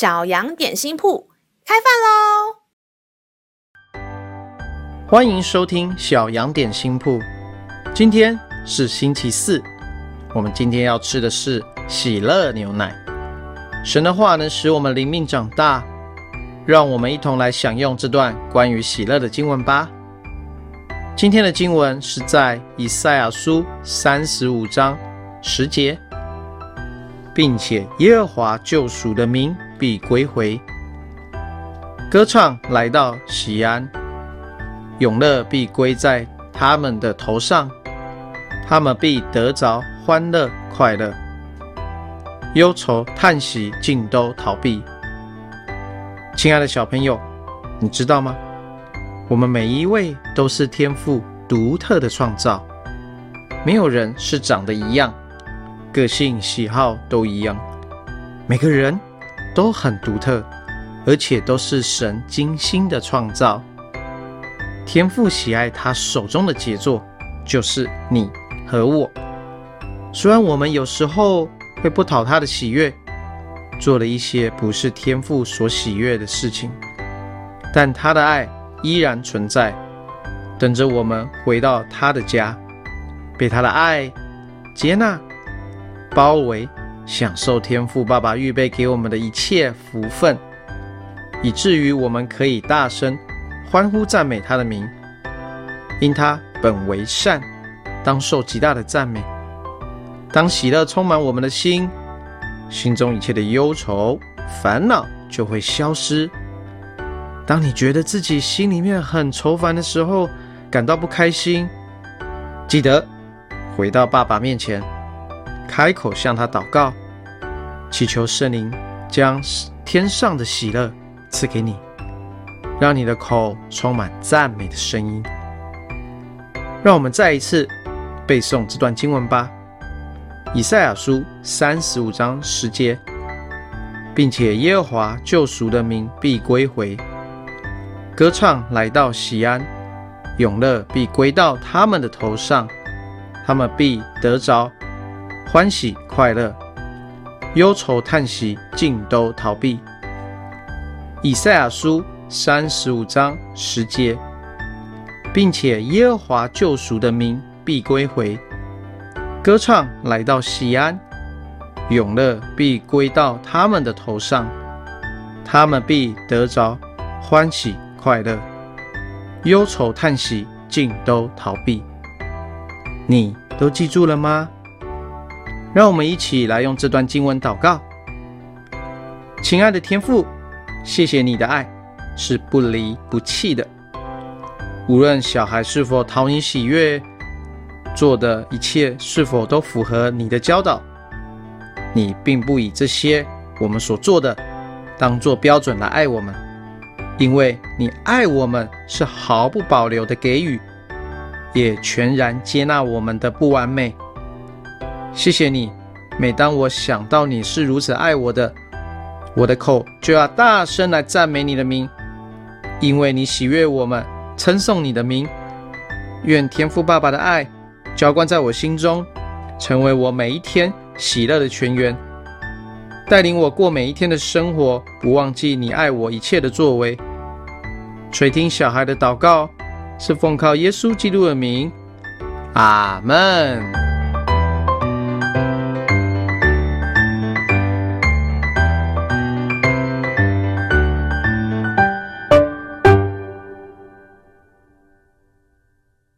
小羊點心鋪開飯嘍！歡迎收聽小羊點心鋪。今天是星期四，我們今天要吃的是喜樂牛奶。神的話能使我們靈命長大，讓我們一同來享用這段關於喜樂的經文吧。今天的經文是在以賽亞書三十五章十節，並且耶和華救贖的名，必歸回，歌唱來到錫安，永樂必歸在他們的頭上，他們必得着歡樂快樂，憂愁嘆息盡都逃避。親愛的小朋友，你知道嗎？我們每一位都是天賦獨特的創造，沒有人是長得一樣，個性喜好都一樣，每個人都很獨特，而且都是神精心的創造。天父喜愛他手中的傑作，就是你和我。雖然我們有時候會不討他的喜悅，做了一些不是天父所喜悅的事情，但他的愛依然存在，等着我們回到他的家，被他的愛接納、包圍。享受天父爸爸預備給我們的一切福分，以至於我們可以大聲歡呼讚美他的名，因他本為善，當受極大的讚美。當喜樂充滿我們的心，心中一切的憂愁煩惱就會消失。當你覺得自己心裡面很愁煩的時候，感到不開心，記得回到爸爸面前。開口向他禱告，祈求聖靈將天上的喜樂賜給你，讓你的口充滿讚美的聲音。讓我們再一次背誦這段經文吧，《以賽亞書》三十五章十節，並且耶和華救贖的民必歸回，歌唱來到錫安，永樂必歸到他們的頭上，他們必得着。歡喜快樂，憂愁嘆息盡都逃避。以賽亞書三十五章十節，並且耶和華救贖的民必歸回，歌唱來到錫安，永樂必歸到他們的頭上，他們必得着歡喜快樂，憂愁嘆息盡都逃避。你都記住了嗎？讓我們一起來用這段經文禱告，親愛的天父，謝謝你的愛是不離不棄的。無論小孩是否討你喜悅，做的一切是否都符合你的教導，你並不以這些我們所做的當做標準來愛我們，因為你愛我們是毫不保留的給予，也全然接納我們的不完美。謝謝你，每當我想到你是如此愛我的，我的口就要大聲來讚美你的名，因為你喜悅我們，稱頌你的名。願天父爸爸的愛澆灌在我心中，成為我每一天喜樂的泉源，帶領我過每一天的生活，不忘記你愛我一切的作為。垂聽小孩的禱告，是奉靠耶穌基督的名，阿門。